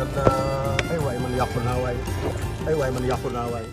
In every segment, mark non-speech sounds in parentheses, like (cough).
ay waay man waay ay waay naa waay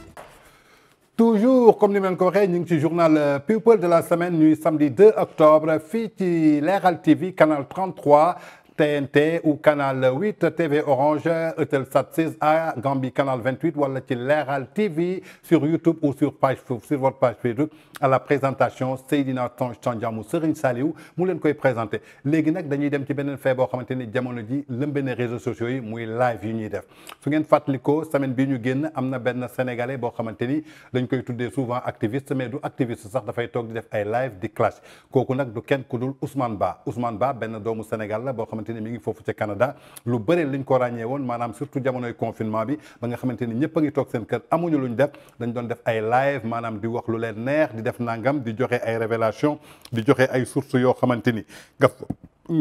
toujours comme ni ma ko waxee ñu ngi ci journal euh, people de la semaine ñuy samedi 2 octobre fii ci Leral TV canal 33 TNT ou canal 8 TV Orange Eutelsat 6A Gambie canal 28 wala ci Leral TV sur YouTube ou sur page sur votre page Facebook à la présentation Seydina Tange Tandian Serigne Saliou mu leen koy présenté léegi nag dañuy dem ci beneen fee boo xamante ni jamono ji lëmbe na réseaux sociaux muy live yu ñuy def su ngeen ko semaine bi ñu génn am na benn sénégalais boo xamante ni dañ koy tuddee souvent activiste mais du activiste sax dafay toog di def ay live di clash kooku nag du kenn ku dul Ousmane Ba Ousmane Ba benn doomu Sénégal la boo xamante te ni mi ngi foofu ca Canada lu bëri liñ ko ràññee woon maanaam surtout jamonoy confinement bi ba nga xamante ni ñëpp ngi toog seen kër amuñu luñ def dañ doon def ay live maanaam di wax lu leen neex di def nangam di joxe ay révélation di joxe ay source yoo xamante ni nga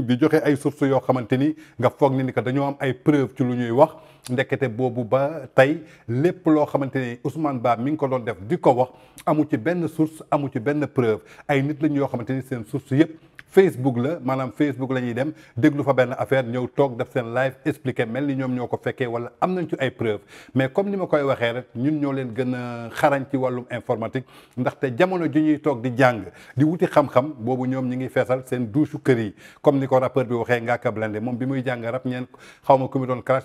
di joxe ay sources yoo xamante ni nga foog ni ni que dañoo am ay preuve ci lu ñuy wax ndekkete boobu ba tey lépp loo xamante ne Ousmane Ba mi ngi ko doon def di ko wax amu ci benn source amu ci benn preuve ay nit lañ yoo xamante ni seen source yëpp Facebook la maanaam Facebook la ñuy dem déglu fa benn affaire ñëw toog def seen live expliqué mel ni ñoom ñoo ko fekkee wala am nañ ci ay preuve mais comme ni ma koy waxee rek ñun ñoo leen gën a xarañ ci wàllum informatique ndaxte jamono ji ñuy toog di jàng di wuti xam-xam boobu ñoom ñi ngi feesal seen douche kër yi comme ni ko rappeur bi waxee Ngaaka Blindé moom bi muy jàng rap doon clash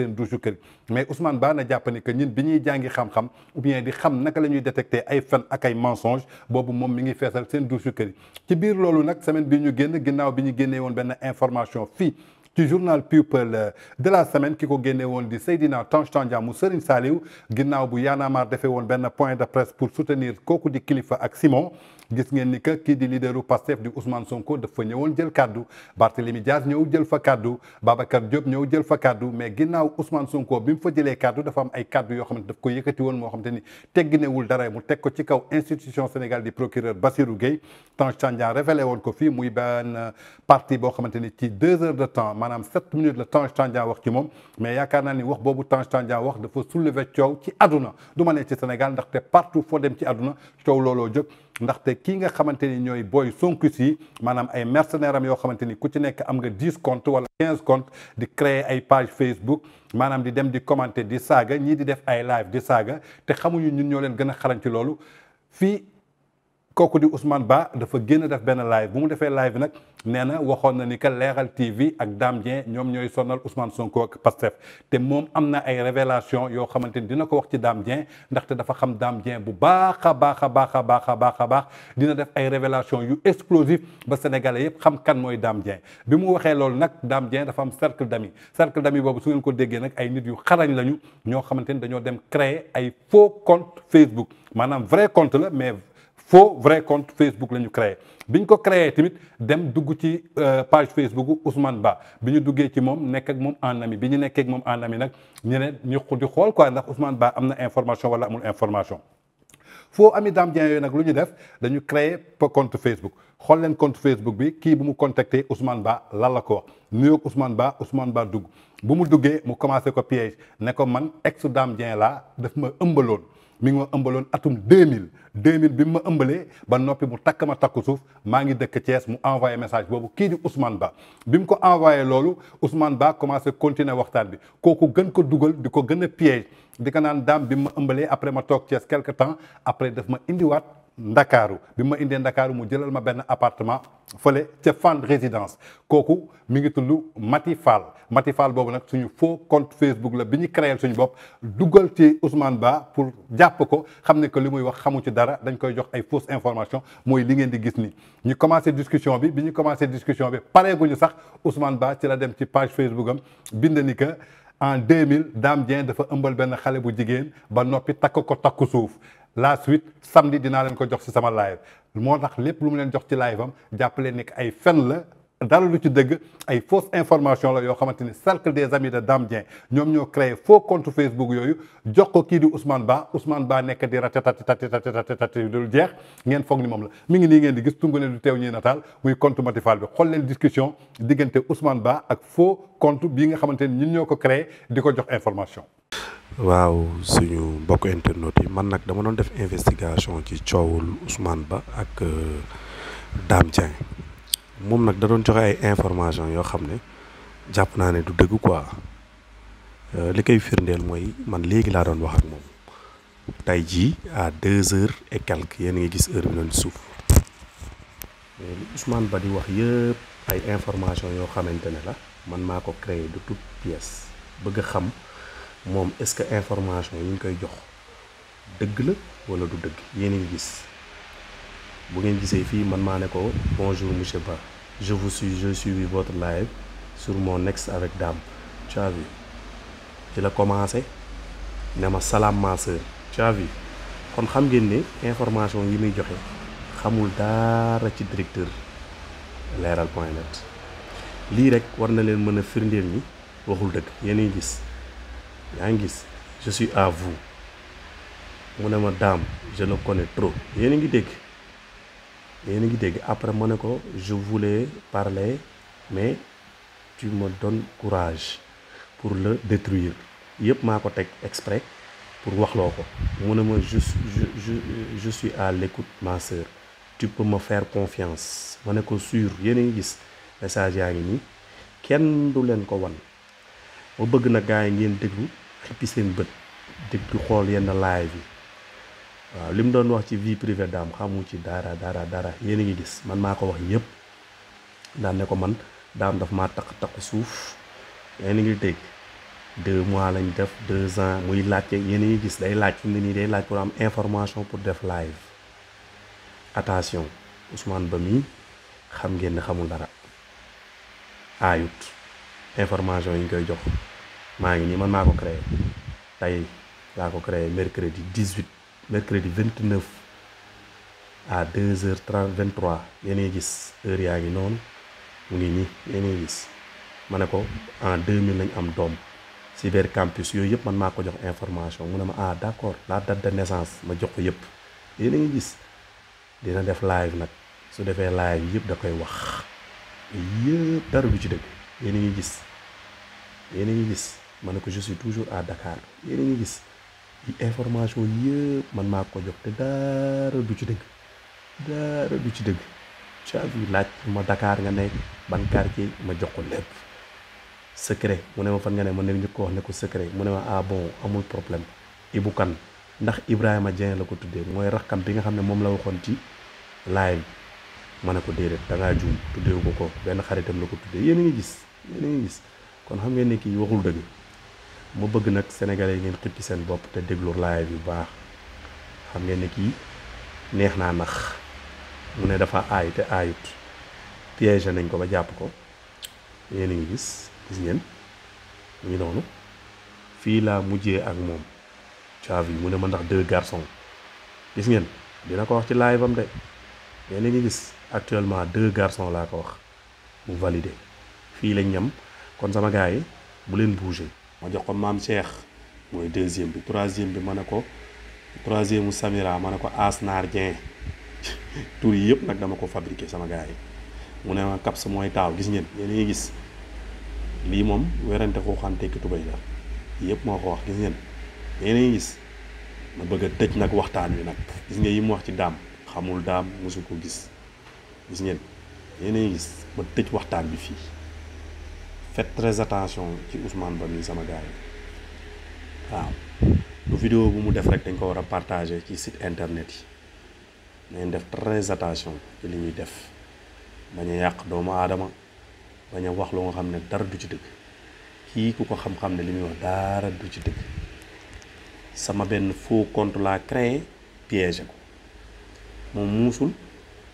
seen douche kër mais Ousmane Ba na jàpp ni que ñun bi ñuy jàngi xam-xam ou di xam naka la ñuy détecter ay fen ak ay mensonge boobu moom mi ngi feesal seen douche kër ci biir loolu nag semaine bi ñu génn ginnaaw bi ñu génnee woon benn information fii ci journal People euh, de la semaine ki ko génne woon di Seydina Tange Tandian mu Serigne Saliou ginnaaw bu Y'en a marre defee woon benn point de presse pour soutenir kooku di Kilifeu ak Simon gis ngeen ni que kii di leaderu Pastef di Ousmane Sonko dafa ñëwoon jël kaddu Barthélémy Dias ñëw jël fa kaddu Babacar Diop ñëw jël fa kaddu mais ginnaaw Ousmane Sonko bi mu fa jëlee kàddu dafa am ay kaddu yoo xam ne daf ko yëkkati woon moo xam ni tegginewul dara mu teg ko ci kaw institution Sénégal di procureur Bassirou Gueye Tange Tandian woon ko fii muy benn euh, parti boo xamante ni ci deux heures de temps maanaam sept minutes la Tange Tandian wax ci moom mais yaakaar naa ni wax boobu Tange Tandian wax dafa soulever coow ci adduna duma nee ci Sénégal ndaxte partout foo dem ci àdduna coow looloo jóg ndaxte kii nga xamante ni ñooy booy sonkus yi maanaam ay mercenaires am yoo xamante ni ku ci nekk am nga dix compte wala quinze compte di créer ay page Facebook maanaam di dem di commenter di saaga ñii di def ay live di saaga te xamuñu ñun ñoo leen gën a xarañ ci loolu fii kooku di Ousmane Ba dafa génn def benn live bu mu defee live nag nee na waxoon na ni que Leral TV ak Dame Dieng ñoom ñooy sonal Ousmane Sonko ak Pastef te moom am na ay révélation yoo xamante ni dina ko wax ci Dame Dieng ndaxte dafa xam Dame Dieng bu baax a baax a baax a baax a baax a baax dina def ay révélation yu explosif ba sénégalais yépp xam kan mooy Dame Dieng bi mu waxee loolu nag dam Dieng dafa am cercle d'amis cercle d'amis boobu su ngeen ko déggee nag ay nit yu xarañ lañu ñoo xamante ni dañoo dem créer ay faux compte Facebook maanaam vrai la mais foo vrai compte Facebook la ñu créé bi ñu ko créé tamit dem dugg ci euh, page Facebook Ousmane Ba bi ñu duggee ci moom nekk ak moom en ami bi ñu nekkee ak moom en ami nag ñu ne ñu di xool quoi ndax Ousmane baa am na information wala amul information. foo ami Dame Dieng yooyu nag lu ñu def dañu po compte Facebook xool leen compte Facebook bi kii bu mu contacté usman baa lan la ko wax nuyoog Ousmane Ba Ousmane Ba dugg bu mu duggee mu commencé ko piège ne ko man ex Dame laa daf ma ëmbaloon. mi ngi ma ëmbaloon atum 2000 2000 bi mu ma ëmbalee ba noppi mu takk ma takku suuf maa ngi dëkk Thiès mu envoyé message boobu kii di Ousmane Ba bi mu ko envoyé loolu Ousmane Ba commencé continuer waxtaan bi kooku gën ko dugal di ko gën a piège di ko naan daam bi mu ma ëmbalee après ma toog Thiès quelque temps après daf ma indiwaat. ndakaaru bi ma indee ndakaaru mu jëlal ma benn appartement fële ca Fann résidence kooku mu ngi tudd Mati Fall Mati Fall boobu nag suñu foo compte Facebook la bi ñu créer suñu bopp duggal ci Ousmane baa pour jàpp ko xam ne que li muy wax xamu ci dara dañ koy jox ay fausse information mooy li ngeen di gis ni ñi commencé discussion bi bi ñu commencé discussion bi pareeguñu sax Ousmane baa ci la dem ci page Facebook am bind ni que en 2000 Dame Dieng dafa ëmbal benn xale bu jigéen ba noppi takk ko takku suuf la suite samedi dinaa leen ko jox si sama live moo tax lépp lu mu leen jox ci live am jàppale nekk ay fen la dara lu ci dëgg ay fausse information la yoo xamante ni cercle des amis de Dame Dieng ñoom ñoo créé foo compte Facebook yooyu jox ko kii di Ousmane Ba Ousmane baa nekk di ratatati tati tati tati jeex ngeen foog ni moom la mi ngi nii ngeen di gis tungu ne du teew ñuy nataal muy compte Matifal bi xool leen discussion diggante Ousmane Ba ak faux compte bii nga xamante ni ñun ñoo ko créé di ko jox information waaw suñu mbokk internet yi man nag dama doon def investigation ci coowul Ousmane Ba ak euh, Dame Dieng moom nag da doon joxe ay information yoo xam ne jàpp naa ne du dëgg quoi euh, li koy firndeel mooy man léegi laa doon wax ak moom tey jii à deux heures et quelques yéen ngi gis heure bi noonu suuf mais li Ba di wax yëpp ay information yoo xamante ne la man maa ko créer du toute pièce bëgg xam moom est-ce que information yi ñu koy jox dëgg la wala du dëgg yéen a gis bu ngeen gisee fii man maa ne ko bonjour monsieur Ba je vous suis je suis votre live sur mon ex avec Dame tu as ci la commencé ne ma salaam ma sœur kon xam ngeen ne information yi muy joxe xamul dara ci directeur leeral point net lii rek war na leen mën a firndeel ni waxul dëgg yéen gis. yaa ngi gis je suis à vous mu ne ma daam je le connais trop yéen a ngi dégg yéen a ngi dégg après ma ne ko je voulais parler mais tu ma donnes courage pour le détruire yëpp maa ko teg exprès pour waxloo ko mu ne ma je je je suis à l'écoute ma sœur tu peux faire confiance ma ne ko sûr yéen a ngi gis message yaa ngi nii kenn du leen ko wan ma bëgg na gars yi ngeen déglu xippi seen bët déglu xool yenn live yi waaw li mu doon wax ci vie privée daam xamu ci dara dara dara yéen a ngi gis man maa ko wax yëpp daan ne ko man daam daf ma taq taq suuf yéen a ngi dégg deux mois lañ def deux ans muy laajte yéen a ngi gis day laaj fi mu ne nii day laaj pour am information pour def live attention Ousmane Ba mii xam ngeen ne xamul dara aayut information yi ñu koy jox. maa ngi nii man maa ko créé tey laa ko créé mercredi 18 mercredi 29 à 2 heures 30 23 yéenay gis heure yaa ngi noonu mu ngi nii yéenay gis ma ne ko en 2000 lañ am doom cyber campus yooyu yëpp man maa ko jox information mu ne ma ah d'accord la date de naissance ma jox ko yëpp yéen a gis dina def live nag su defee live yëpp da koy wax yëpp dara du ci dëgg yéen a gis yéen a ngi gis. ma ne ko je toujours à dakaar yéen a ngi gis information yëpp man maa ko jox te daara du ci dëgg daara du ci dëgg caabi laaj ma dakaar nga ne ban ki ma jox ko lépp secret mu ne ma fan nga ne ma ne njëkk ko wax ne ko secret mu ne ma ah bon amul problème Ibou Kane ndax Ibrahima Dieng la ko tuddee mooy rakkam bi nga xam ne moom la waxoon ci live ma ne ko déedéet da ngaa juum tuddeewu ko ko benn xaritam la ko tuddee yéen a gis yéen a ngi gis kon xam ngeen ne kii waxul dëgg. ma bëgg nag sénégalais yi ngeen xippi seen bopp te déglu laay yu baax xam ngeen ne kii neex naa ndax mu ne dafa aay te aayut piégé nañ ko ba jàpp ko yéen a ngi gis gis ngeen ñu noonu fii laa mujjee ak moom caavi mu ne ma ndax deux garçons gis ngeen dina ko wax ci live am de yéen a ngi gis actuellement deux garson laa ko wax mu validé fii lañ ñam kon sama gars yi bu leen bougé ma jox ko maam Cheikh mooy deuxième bi troisième bi ma ne ko troisième mu Samira ma ne ko Asnar Dieng (laughs) tur yi yëpp nag dama ko fabriqué sama gars mu ne ma Caps mooy taaw gis ngeen yéen ngi gis lii moom werante ko yëpp moo ko wax gis ngeen yéen ngi gis ma bëgg a tëj nag waxtaan wi nag gis nga yi mu wax ci daam xamul daam mosu ko gis gis ngeen yéen ngi gis ma tëj waxtaan bi fii. faites très attention ci Ousmane Ba mii sama gars yi waaw lu vidéo bu mu def rek dañ ko war a partager ci site internet yi nañ def très attention ci li ñuy def bañ a yàq doomu aadama bañ a wax lu nga xam ne dara du ci dëgg kii ku ko xam-xam ne li muy wax dara du ci dëgg sama benn faux compte laa créé piégé moom muusul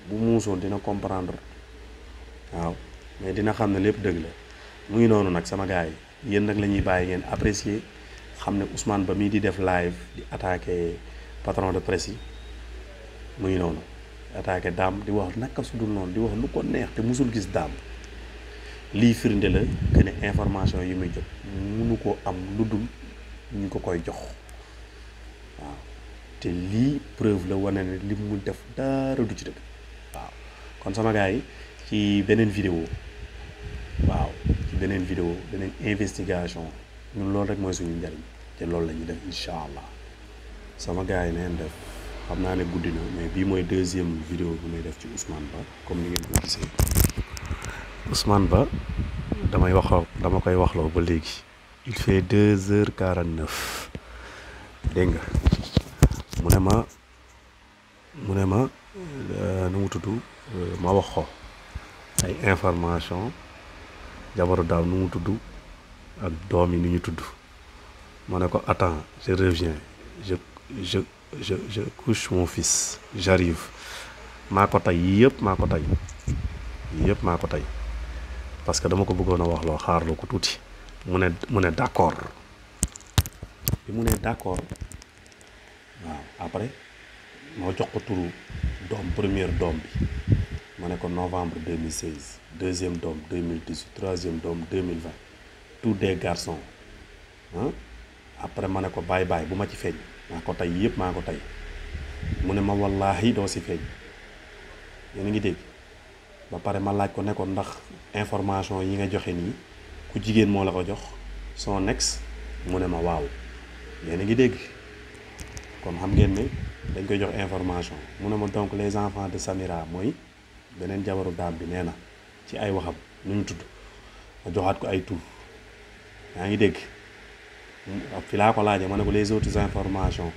bu muusoon dina comprendre waaw mais dina xam ne lépp dëgg la. mu ngi noonu nag sama gars yi yéen nag la ñuy bàyyi ngeen apprécier xam ne Ousmane Ba mii di def live di attaqué patron de presse yi mu ngi noonu attaqué daam di wax naka su dul noonu di wax lu ko neex te musul gis daam lii firnde la que ne information yi muy jot munu ko am lu dul ñu ko koy jox waaw te lii preuve la wane ne li mu def dara du ci dëgg waaw kon sama gars yi ci beneen vidéo beneen vidéo beneen investigation ñun lool rek mooy suñu njariñ te loolu la ñuy def incha allah sama gars yi neen def xam naa ne guddi na mais bii mooy deuxième vidéo bu may def ci Ousmane Ba comme ni ngeen ko gisee Ousmane Ba damay wax dama koy waxloo ba léegi il fait deux heures quarante neuf dégg nga mu ne ma mu ne ma euh, nu mu tudd euh, ma wax ko ay information jabaru daaw nu mu tudd doom yi ni ñu tudd ma ne ko attends je reviens je je je je couche mon fils j'arrive maa ko tey yii yëpp maa ko tey yëpp maa ko tey parce que dama ko bëggoon a wax loo xaarloo ko tuuti mu ne mu ne d'accord bi mu ne d'accord waaw après moo jox ko turu doom première doom bi ma ne ko novembre 2016 deuxième doom 2018 troisième doom 2020 tous des garçons ah après ma ne ko bàyyi bàyyi bu ma ci feeñ maa ko tey yëpp maa ko tey mu ne ma wallaahi doo si feeñ yéen ngi dégg ba pare ma laaj ko nekkoon ndax information yi nga joxe nii ku jigéen moo la ko jox son ex mu ne ma waaw yéen a ngi dégg kon xam ngeen ne dañ koy jox information mu ne ma donc les enfants de Samira mooy. beneen jabaru daam bi nee na ci ay waxam nu ñu tudd ma joxaat ko ay tur yaa ngi dégg fi laa ko laajee ma ne ko les autres informations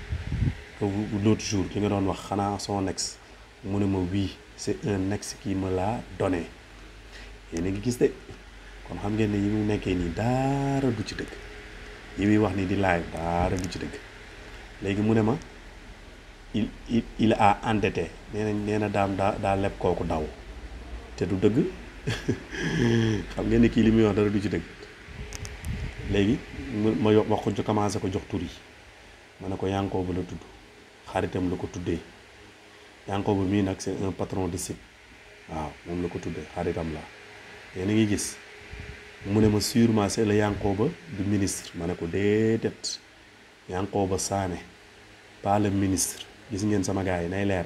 que l'autre jour ki nga doon wax xanaa soo ex mu ne ma wii c'est un ex qui me l'a donné yéen a ngi gis de kon xam ngeen ne yi mu nekkee nii daara du ci dëgg yi muy wax nii di laay daara du ci dëgg léegi mu ne ma il il il a endetté nee na daam daa daa leb kooku daw te du dëgg (laughs) xam ngeen ni kii li muy wax dara du ci dëgg léegi ma yo wax ko ci commencé ko jox tur yi ma ne ko Yankooba la tudd xaritam la ko tuddee Yankooba mii nag c'est un patron de site waaw moom la ko tuddee xaritam la yéen ngi gis mu ne ma sûrement c'est le Yankooba du ministre ma ne ko déedéet Yankooba Sané pas le ministre gis ngeen sama gars yi nay leer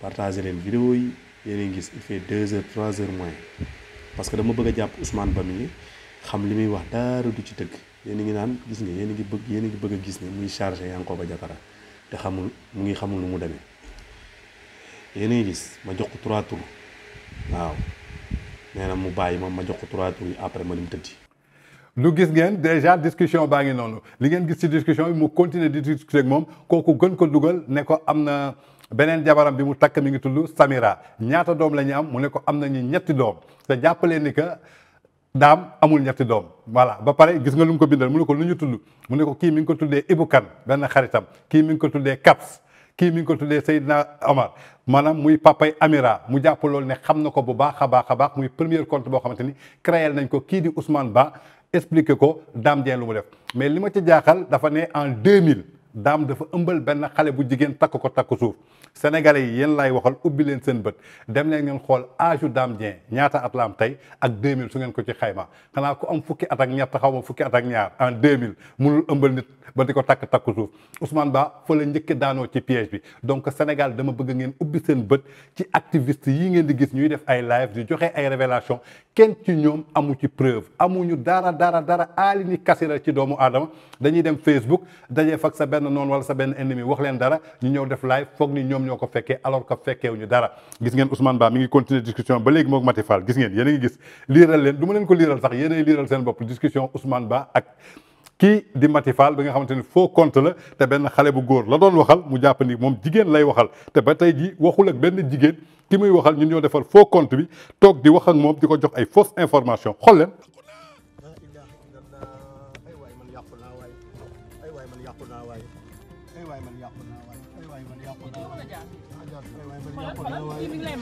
partagé leen vidéo yi yéen gis il fait deux heures trois heures moins parce que dama bëgg a jàpp usman Ba mi xam li muy wax dara du ci dëgg yéen ngi naan gis nga yéen ngi bëgg yéen ngi bëgg gis ne muy chargé Yankhoba Diattara te xamul mu ngi xamul nu mu demee yenn ngi gis ma jox ko trois tours waaw nee na mu bàyyi ma ma jox ko trois tours yi après ma lim tëddi. lu gis ngeen déjà discussion baa ngi noonu li ngeen gis ci discussion bi mu continuer di discuter moom kooku gën ko dugal ne ko am na beneen jabaram bi mu takk mi ngi tudd Samira ñaata doom la ñu am mu ne ko am na ñu ñetti doom te jàppalee ni que daam amul ñetti doom voilà ba pare gis nga lu mu ko bindal mu ne ko lu ñu tudd mu ne ko kii mi ngi ko tuddee Ibou Kane benn xaritam kii mi ngi ko tuddee Caps kii mi ngi ko tuddee Seydina Omar maanaam muy papay Amira mu jàpp loolu ne xam na ko bu baax a baax a baax muy premier compte boo xamante ni créé nañ ko kii di Ousmane Ba expliqué ko Dame Dieng lu mu def mais li ma ci jaaxal dafa ne en 2000 Dame dafa ëmbal benn xale bu jigéen takk ko takk suuf sénégalais yi yéen laay waxal ubbi leen seen bët dem leen ngeen xool âge Dame Dieng ñaata at la am tey ak 2000 su ngeen ko ci xayma xanaa ku am fukki at ak ñett xaw ma fukki at ak ñaar en 2000 mënul ëmbal nit ba di ko takk takku suuf Ousmane Ba fa la njëkk daanoo ci piège bi donc Sénégal dama bëgg ngeen ubbi seen bët ci activiste yi ngeen di gis ñuy def ay live di joxe ay révélation kenn ci ñoom amu ci preuve amuñu dara dara dara aali ni kasi ci doomu aadama dañuy dem Facebook dajee fag sa benn noonu wala sa benn ennemi wax leen dara ñu ñëw def live foog ni ñoom ñoo ko fekkee alors fekkee fekkeewuñu dara gis ngeen Ousmane Ba mi ngi continuer discussion ba léegi mook Mati Fall gis ngeen yéen a ngi gis liiral leen du ma leen ko liiral sax yéen a liiral seen bopp discussion Ousmane Ba ak kii di Mati Fall ba nga xamante ni faux compte la te benn xale bu góor la doon waxal mu jàpp ni moom jigéen lay waxal te ba tey ji waxul ak benn jigéen ki muy waxal ñun ñoo defal foo compte bi toog di wax moom di ko jox ay fausse information xool kii ma aywaay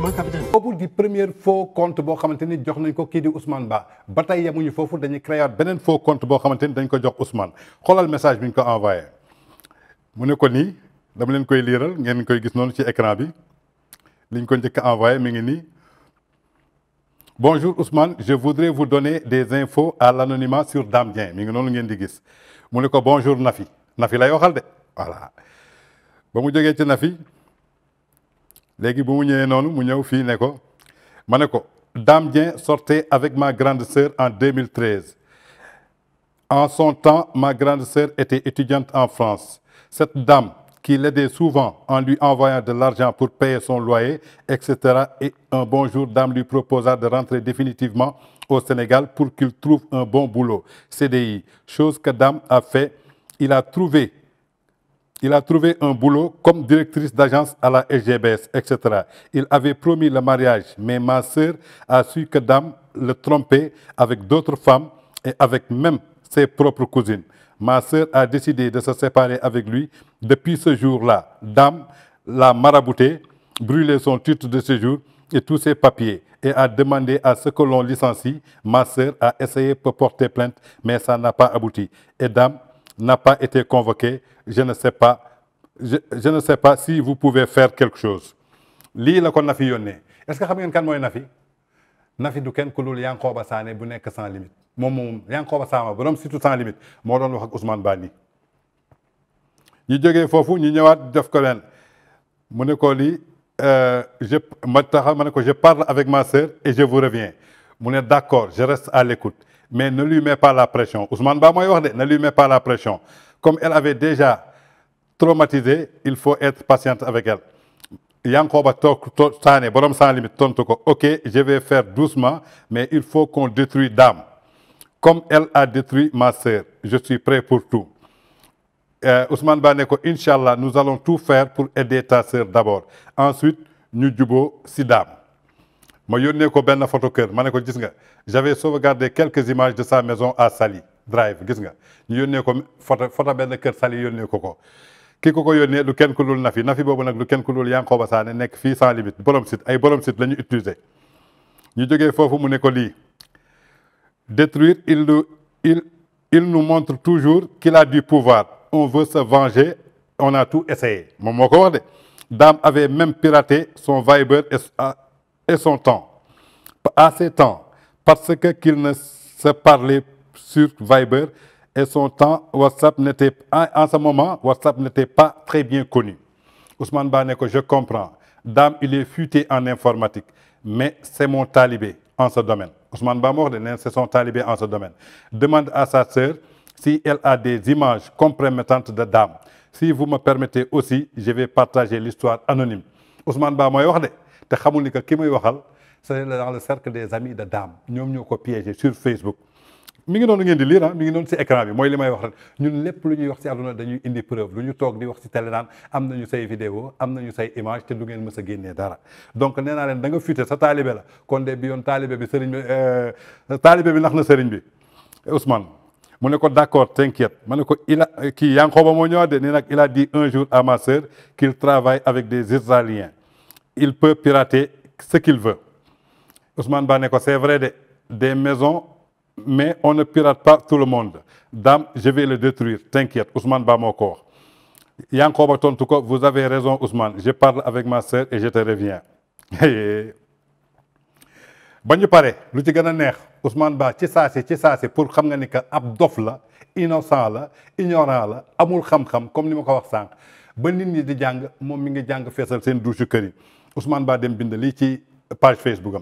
man di première faux compte boo xamante ni jox nañ ko kii di Ousmane Ba ba tey yemuñu foofu dañuy créer beneen faux compte boo xamante ni dañ ko jox Ousmane xoolal message bi ñu ko envoyé mu ne ko nii dama leen koy liiral ngeen koy gis noonu ci écran bi liñ ko njëkk envoyé mi ngi nii Bonjour Ousmane, je voudrais vous donner des infos à l'anonymat sur Dame Dieng mi ngi noonu ngeen di gis mu ne ko bonjour Nafi Nafi lay waxal de voilà ba mu jógee ci Nafi léegi ba mu ñëwee noonu mu ñëw fii ne ko ma ne ko Dame Dieng sortait avec ma grande sœur en 2013 en son temps ma grande sœur était étudiante en France cette dame qui l'aidait souvent en lui envoyant de l'argent pour payer son loyer, etc. Et un bon jour, Dame lui proposa de rentrer définitivement au Sénégal pour qu'il trouve un bon boulot, des Chose que Dame a fait, il a trouvé il a trouvé un boulot comme directrice d'agence à la SGBS, etc. Il avait promis le mariage, mais ma sœur a su que Dame le trompait avec d'autres femmes et avec même ses propres cousines. ma sœur a décidé de se séparer avec lui. Depuis ce jour-là, dam l'a marabouté, brûlé son titre de séjour et tous ses papiers et a demandé à ce que l'on licencie. Ma sœur a essayé de porter plainte, mais ça n'a pas abouti. Et dam n'a pas été convoquée. Je ne sais pas, je, si vous pouvez faire quelque chose. lii la ko Nafi yónnee est-ce que xam ngeen kan mooy Nafi Nafi du kenn ku dul Yankhoba Sané bu nekk sans limite moom moom Yankhoba Sané borom surtout sans limite moo doon wax ak Ousmane Bani ñu jógee foofu ñu ñëwaat jof ko leen mu ne ko lii euh, je ma taxaw ma ne ko je parle avec ma sœur et je vous reviens mu ne d'accord je reste à l'écoute mais ne lui mets pas la pression Ousmane Ba mooy wax de ne lui mets pas la pression comme elle avait déjà traumatisé il faut être patiente avec elle Yankoba Sané borom sans limite tontu ko ok je vais faire doucement mais il faut qu'on détruit Dame comme elle a détruit ma sœur je suis prêt pour tout euh, Ousmane Ba ne ko incha allah nous allons tout fair pour aider ta sœur d'abord ensuite ñu jubo si Dame ma yónnee ko benn photo kër ma ne ko gis nga j'avais sauvegardé quelques images de sa maison à Sali Drive gis nga ñu yónnee ko photo photo benn kër Sali yónnee ko ko ki ko ko yónnee du kenn ku dul nafi nafi boobu nag du kenn ku dul Yankhoba Sané nekk fii sans limite borom ay borom site la ñu utiliser ñu foofu mu ne ko lii détruire il nous il il montre toujours kila a du pouvoir on veut se venger on a tout essayé moom moo ko wax de Dame avait même piraté son Viber et son temps à ses temps parce que qu'il ne se parlait sur Viber et son temps, WhatsApp n'était en ce moment, WhatsApp n'était pas très bien connu. Ousmane Ba ne ko je comprends dame il est futé en informatique mais c'est mon talibé en ce domaine Ousmane Ba moo wax de neen c'est son talibé en ce domaine demande à sa sœur si elle a des images compromettantes de dame si vous me permettez aussi je vais partager l'histoire anonyme Ousmane Ba mooy wax de te xamul ni que ki muy waxal c'est dans le cercle des amis de dame ñoom ñoo ko piégé sur Facebook mi ngi noonu ngeen di lire ah mi ngi noonu si écran bi mooy li may wax rek ñun lépp lu ñuy wax si àdduna dañuy indi preuve lu ñu toog di wax si télé naan am nañu say vidéo am nañu say image te du ngeen mës a génnee dara donc nee naa leen da nga fuite sa taalibe la kon de bi yoon taalibe bi sëriñ bi euh, taalibe bi nax na sëriñ bi Ousmane mu ne ko d'accord t'inquiète ma ne ko il a kii Yankoba moo ñëwaat de nee nag il a dit un jour à ma sœur qu'il travaille avec des Israéliens il peut pirater ce qu'il veut Ousmane ko c'est vrai de des maisons mais on ne pirate pas tout le monde. Dame, je vais le détruire. T'inquiète, Ousmane bat mon corps. tontu ko vous avez raison, Ousmane. Je parle avec ma sœur et je te reviens. ba ñu pare lu ci gën a neex Ousmane Ba ci saasi ci saasi pour xam nga ni que ab dof la innocent la ignorant la amul xam-xam comme ni ma ko wax sànq ba nit ñi di jàng moom mi ngi jàng feesal seen douche kër yi Ousmane Ba dem bind lii ci page Facebook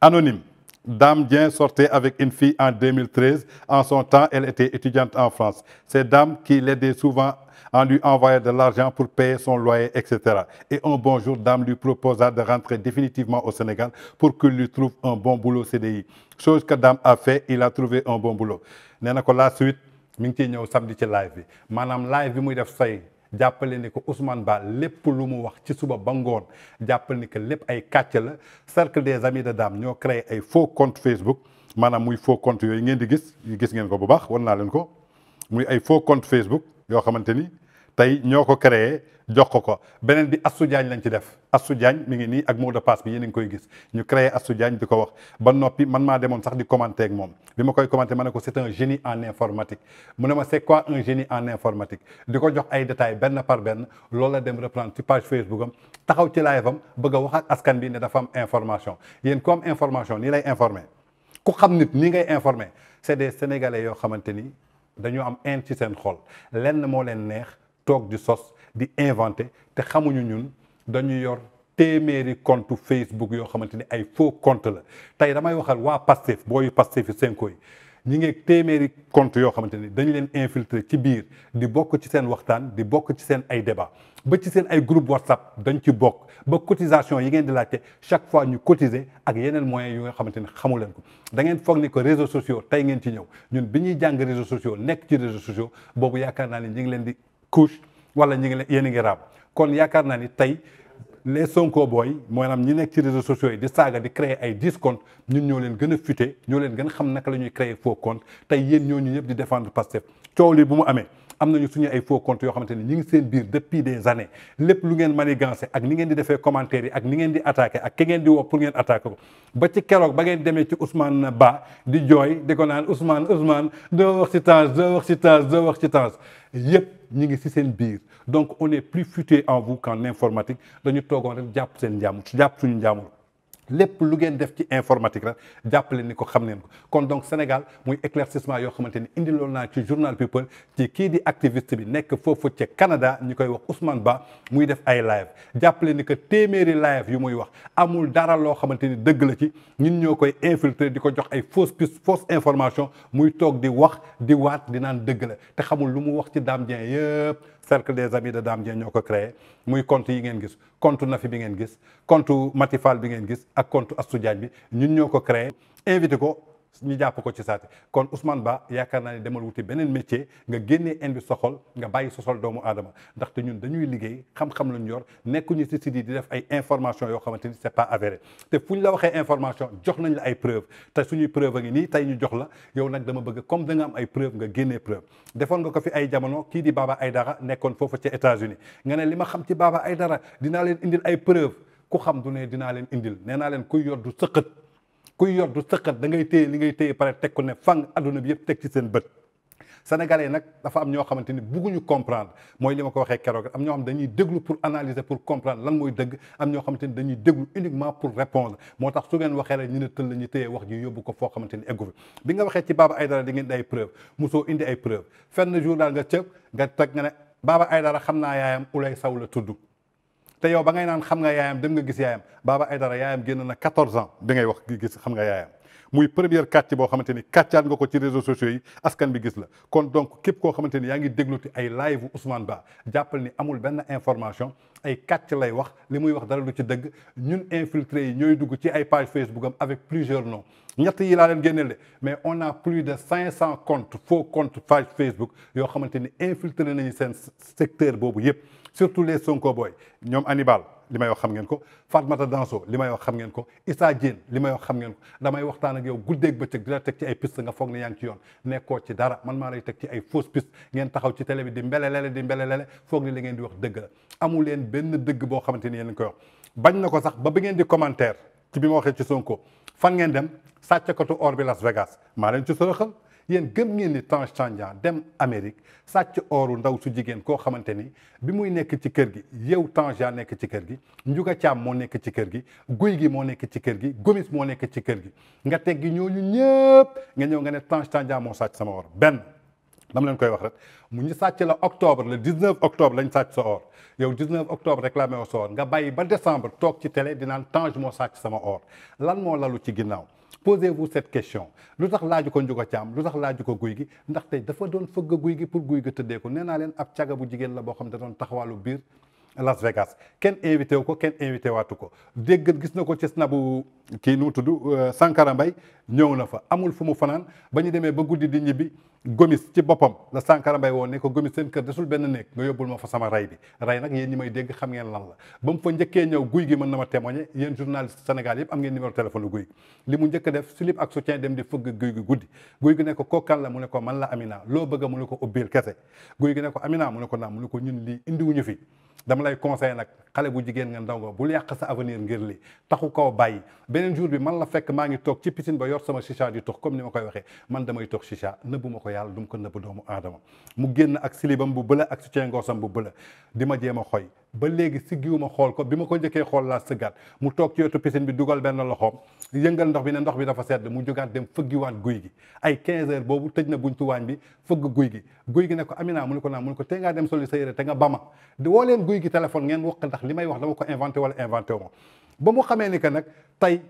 am Dame Dien sortait avec une fille en 2013. En son temps, elle était étudiante en France. C'est Dame qui l'aidait souvent en lui envoyant de l'argent pour payer son loyer, etc. Et un bonjour, Dame lui proposa de rentrer définitivement au Sénégal pour qu'il lui trouve un bon boulot CDI. Chose que Dame a fait, il a trouvé un bon boulot. Nee na ko la suite mi ngi ciy ñëw samedi ci live bi maanaam live bi muy def say jàppale ni ko Ousmane Ba lépp lu mu wax ci suba ba ngoon jàppale ni que lépp ay kàcc la cercle des amis de dame ñoo créé ay faux compte Facebook maanaam muy foo compte yooyu ngeen di gis gis ngeen ko bu baax wan naa leen ko muy ay faux compte Facebook yoo xamante ni tey ñoo ko créé jox ko ko beneen bi Astou Diagne lañ ci def Astou Diagne mi ngi nii ak moo de passe bi yéen a ngi koy gis ñu créé Astou Diagne di ko wax ba noppi man maa demoon sax di commenter ak moom bi ma koy commenter ma ne ko c'est un génie en informatique mu ne ma c'est quoi un génie en informatique di ko jox ay détails benn par benn loolu la dem reprendre ci page Facebook am taxaw ci live am bëgg wax ak askan bi ne dafa am information yéen ku am information nii lay informer ku xam nit nii ngay informer c'est des sénégalais yoo xamante ni dañoo am haine ci seen moo leen neex. toog di sos di inventé te xamuñu ñun dañu yor téeméeri compte Facebook yoo xamante ni ay faux compte la tey damay waxal waa Pastef booyu Pastef yi Sonko yi ñi ngi téeméeri compte yoo xamante ni dañu leen infiltrer ci biir di bokk ci seen waxtaan di bokk ci seen ay débat ba ci seen ay groupe WhatsApp dañ ci bokk ba cotisation yi ngeen di laajte chaque fois ñu cotiser ak yeneen moyens yu nga xamante ni xamu leen ko da ngeen foog ni ko réseaux sociaux tey ngeen ci ñëw ñun bi ñuy jàng réseaux nekk ci réseaux couche wala ñu ngi leen yéen a ngi raam kon yaakaar naa ni tey les Sonko booy maanaam ñi nekk ci réseaux sociaux yi di saaga di créer ay dix comptes ñun ñoo leen gën a futé ñoo leen gën a xam naka la ñuy créer faux compte tey yéen ñu ñëpp di défendre Pastef coow li bu mu amee am nañu suñu ay faux comptes yoo xamante ni ñu ngi seen biir depuis des années lépp lu ngeen manigancé ak ni ngeen di defee commentaire yi ak ni ngeen di attaqué ak ki ngeen di woo pour ngeen attaqué ko ba ci keroog ba ngeen demee ci Ousmane Ba di jooy di ko naan Ousmane Ousmane doo wax ci Tange doo wax si Tange doo wax ci Tange yëpp ñu ngi si seen biir donc on est plus futé en vous qu'en informatique dañu toogoon rek jàpp seen njàmbur jàpp suñu njàmbur lépp lu ngeen def ci informatique rek jàppale ni ko xam neen ko kon donc Sénégal muy éclaircissement yoo xamante ni indi loolu naa ci journal People ci kii di activiste bi nekk foofu ca Canada ñu koy wax Ousmane Ba muy def ay live jàppale ni que téeméeri live yu muy wax amul dara loo xamante ni dëgg la ci ñun ñoo koy infiltrer di ko jox ay fausse piste fausse information muy toog di wax di waat di naan dëgg la te xamul lu mu wax ci Dame Dieng yëpp cercle des amis de Dame Dieng ñoo ko créé muy compte yi ngeen gis compte Nafi bi ngeen gis compte Matifal bi ngeen gis ak compte Astou Diagne bi ñun ñoo ko créé invité ko ñu jàpp ko ci saate kon Ousmane Ba yaakaar naa ne demal wuti beneen métier nga génne indi soxol nga bàyyi sa xol doomu adama ndaxte ñun dañuy liggéey xam-xam lañu yor nekkuñu si site yi di def ay information yoo xamante ni c'est pas avéré te fu ñu la waxee information jox nañ la ay preuve te suñuy preuve a ngi nii tey ñu jox la yow nag dama bëgg comme da am ay preuve nga génnee preuve defoon nga ko fi ay jamono kii di Baba Aydara nekkoon foofu ca États-Unis nga li ma xam ci Baba Aydara dinaa leen indil ay preuve ku xam du ne dinaa leen indil nee naa leen kuy yor du sëqët kuy yor du sëqët da ngay téye li ngay téye pare teg ko ne fan adduna bi yëpp teg ci seen bët sénégalais nag dafa am ñoo xamante ni bugguñu comprendre mooy li ma ko waxee keroog am ñoo xam dañuy déglu pour analyser pour comprendre lan mooy dëgg am ñoo xamante ni dañuy déglu uniquement pour répondre moo tax su ngeen waxee rek ñu ne tëll la ñu téye wax ji yóbbu ko foo xamante ni eggu fi bi nga waxee ci Baba Aydara di ngeen di ay preuve mosoo indi ay preuve fenn jour nga nga teg nga ne Baba Aydara xam naa yaayam ulay saw la tudd te yow ba ngay naan xam nga yaayam dem nga gis yaayam Baba Aydara yaayam génn na 14 ans bi ngay wax gis xam nga yaayam muy première kàcc boo xamante ni kàccaat nga ko ci réseaux sociaux yi askan bi gis la kon donc képp koo xamante ni yaa ngi dégluti ay live Ousmane baa jàppal ni amul benn information ay kàcc lay wax li muy wax dara lu ci dëgg ñun infiltre yi ñooy dugg ci ay page Facebook am avec plusieurs noms ñett yi laa leen mais on a plus de cinq cent comptes faux comptes page Facebook yoo xamante ni infiltré nañu seen secteur boobu yëpp surtout les Sonko boy ñoom Hannibal li may wax xam ngeen ko Fatmata Danso li may wax xam ngeen ko Issa Diène li may wax xam ngeen ko damay waxtaan ak yow guddeeg bëccëg di la teg ci ay piste nga foog ne yaa ngi ci yoon nekkoo ci dara man maa lay teg ci ay fausse piste ngeen taxaw ci télé bi di mbelelele di mbelelele foog ni li ngeen di wax dëgg la amu leen benn dëgg boo xamante ni yéen koy wax bañ na ko sax ba bi ngeen di commentaire ci bi ma waxee ci Sonko fan ngeen dem sàccakatu or bi Las Vegas maa leen ci soroxal yéen gëm ngeen ni Tange Tandian dem Amérique sàcc ooru ndaw su jigéen koo xamante ni bi muy nekk ci kër gi yow Tange yaa nekk ci kër gi njuga Thiam moo nekk ci kër gi Guy gi moo nekk ci kër gi Gomis moo nekk ci kër gi nga teggi ñooñu ñëpp nga ñëw nga ne Tange Tandian moo sàcc sama or benn dama leen koy wax rek mu ñu sàcc la octobre le 19 octobre lañ sàcc sa or yow 19 octobre réclamé woo sa or nga bàyyi ba décembre toog ci tele dinaan naan moo sàcc sama or lan moo lalu ci ginnaaw posez-vous cette question lu tax laaju ko njuga caam lu tax laaju ko guy gi ndax tey dafa doon fëgg guy gi pour guy gi tëddee ko nee naa leen ab caga bu jigéen la boo xam da doon taxawaalu biir Las Vegas kenn invité wu ko kenn invité waatu ko dégg gis na ko ci snabu kii nu mu tudd euh, Sankara Mbaye ñëw na fa amul fu mu fanaan ba ñu demee ba guddi di ñibbi gomis ci boppam la Sankara Mbaye woon ne ko gomis seen kër desul benn néeg nga yóbbul ma fa sama rey bi ray nag yéen ñi may dégg xam ngeen lan la ba mu fa njëkkee ñëw guy gi mën na ma témoigner yéen journaliste Sénégal yëpp am ngeen numéro téléphone guy li mu njëkk def slip ak soutien dem di fëgg guy gi guddi guy gi ne ko kookan la mu ne ko man la Amina loo bëgg mu ne ko ubbil kete guy gi ne ko Amina mu ne ko naam mu ne ko ñun lii indiwuñu fi dama lay conseillé nag xale bu jigéen nga ndaw nga bul yàq sa avenir ngir li taxu koo bàyyi beneen jour bi man la fekk maa ngi toog ci piscine ba yor sama chicha di tux comme ni ma koy waxee man damay tux chicha nëbbu ma ko yàlla du ma ko nëbb doomu aadama mu génn ak silibam bu bëla ak su ceengoosam bu bëla di ma jéem a xoy ba léegi siggiwuma xool ko bi ma ko njëkkee xool laa sëggaat mu toog ci wetu piscine bi dugal benn loxoom yëngal ndox bi ne ndox bi dafa sedd mu jugaat dem fëggiwaat guy gi ay 15 heures boobu tëj na buntu waañ bi fëgg guy gi guy gi ne ko Amina mu ne ko naa mu ne ko tey ngaa dem soli sa yére te nga ba ma woo leen guy gi téléphone ngeen wax ndax li may wax dama ko inventé wala inventé ma ba mu xamee ni que nag tey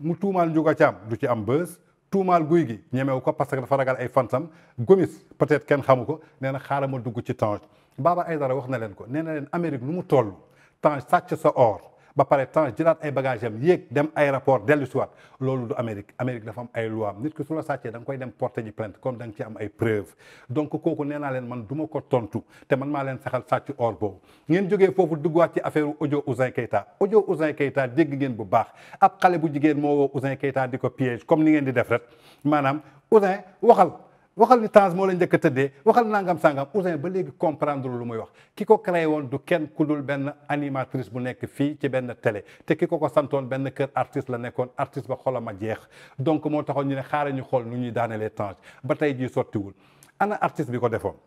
mu tuumaal Ndiouga Thiam du ci am bës tuumaal guy gi ñemewu ko parce que dafa ragal ay fansam gomis peut-être kenn xamu ko nee na xaaral ma dugg ci temps baaba ay Aydara wax na leen ko nee na leen Amérique nu mu toll temps sàcc sa or ba pare temps jëlaat ay bagages am yéeg dem ay aéroport dellu si loolu du Amérique Amérique dafa am ay loi nit ki su la sàccee da danga koy dem porter ji plainte comme da nga am ay preuve donc kooku nee naa leen man duma ko tontu te man maa leen saxal sàcc or boobu ngeen jógee foofu duggaat ci affaire audio Ouzin Keita audio Ouzin Keita dégg ngeen bu baax ab xale bu jigéen moo woo Ouzin di ko piège comme ni ngeen di def rek maanaam Ouzin waxal waxal ni Tange moo la njëkk a tëddee waxal nangam sangam Ouzin ba léegi comprendre lu muy wax ki ko créé woon du kenn ku dul benn animatrice bu nekk fii ci benn télé te ki ko ko santoon benn kër artiste la nekkoon artiste ba xolam a jeex donc moo taxoon ñu ne xaaral ñu xool nu ñuy daaneelee Tange ba tey jii sottiwul ana artiste bi ko defoon.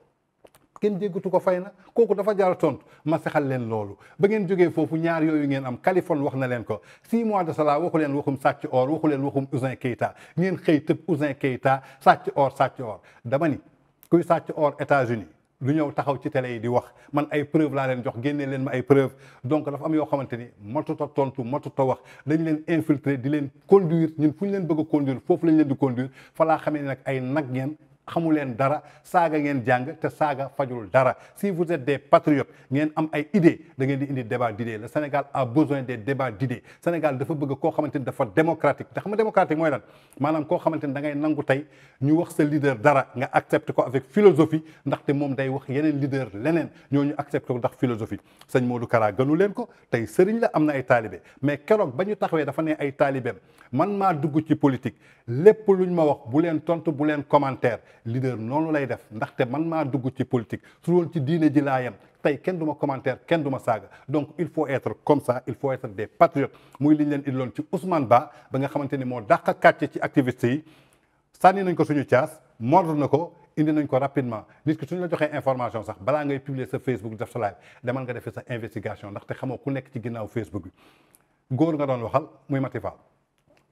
kenn jéggatu ko fay na kooku dafa jaar tontu ma saxal leen loolu ba ngeen jógee foofu ñaar yooyu ngeen am Kaliphone wax na leen ko six mois de cela waxu leen waxum sàcc or waxu leen waxum Ouzin Keita ngeen xëy tëb Ouzin Keita sàcc or sàcc or dama ni kuy sàcc or États-Unis lu ñëw taxaw ci télé yi di wax man ay preuve laa leen jox génnee leen ma ay preuve donc dafa am yoo xamante ni matuta tontu matuta wax dañ leen infiltrer di leen conduire ñun fu ñu leen bëgg a foofu lañ leen di conduire fa xamee nag ay nag ngeen xamu leen dara saaga ngeen jàng te saaga fajul dara si vous êtes des patriotes ngeen am ay idées da ngeen di indi débat d'idées la Sénégal a besoin des débats d'idées Sénégal dafa bëgg koo xamante ni dafa démocratique te xam nga mooy lan maanaam koo xamante ni da ngay nangu tey ñu wax sa leader dara nga accepté ko avec philosophie ndaxte moom day wax yeneen leader leneen ñooñu accepté ko ndax philosophie sëñ Modou Kara gënu leen ko tey sëriñ la am na ay taalibe mais keroog ba ñu taxawee dafa ne ay taalibeem man maa dugg ci politique lépp luñ ma wax bu leen tontu bu leen commentaire leader noonu lay def ndaxte man maa dugg ci politique su woon ci diine ji laa tey kenn du ma commentaire kenn du ma saaga donc il faut être comme ça il faut être des patriotes muy liñ leen indiloon ci Ousmane Ba ba nga xamante ni moo dàq kàcce ci activité yi sànni nañ ko suñu caas mordre na ko indi nañ ko rapidement nit ki suñ la joxee information sax balaa ngay publier sa Facebook def sa live demal nga defee sa investigation ndaxte xamoo ku nekk ci ginnaaw Facebook bi góor nga doon waxal muy Mati Fall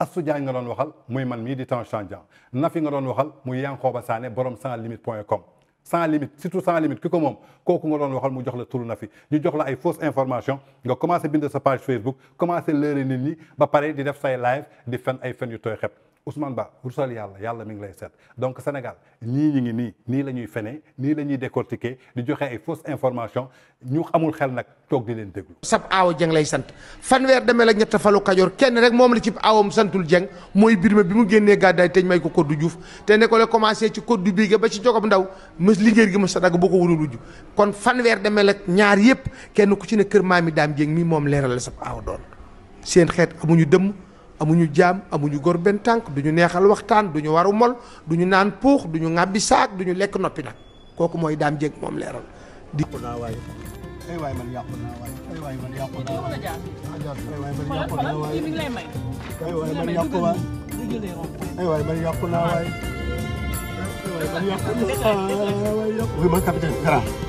Astou Diagne nga doon waxal muy man mii di Tange Tandian Nafi nga doon waxal muy Yankhoba Sané borom sans limite point com sans limite surtout sans limite ki ko moom kooku nga doon waxal mu jox la turu na fi ñu jox la ay fausse information nga commencé bind sa page Facebook commencé leurrer nit ba pare di def say live di fen ay fen yu tooy xep Ousmane Ba rusal yàlla yàlla mi ngi lay seet donc Sénégal ñii ñi ngi nii nii la ñuy fene nii la ñuy décortiquer di joxe ay fausse information ñu amul xel nag toog di leen déglu sab aaw jeng lay sant fanweer demee la ñett falu Kajoor kenn rek moom la ci aawam santul jeng mooy Birima bi mu génnee gàddaay teñ may ko koddu Diouf te ne ko commencé ci koddu biige ba ci jogob ndaw mës liggéey gi mës sa dagg boo ko wunul wujj kon fanweer demee la ñaar yëpp kenn ku ci ne kër maami daam jeng mi moom leeral la sab aaw amuñu jaam amuñu gor benn tànk du ñu neexal waxtaan du ñu waru mol du ñu naan puux duñu ñu ŋàbbi saak du ñu lekk noppi nag kooku mooy daam jéeg moom leeral di naa waay ay waay man yàqu naa waay ay waay man yàqu naa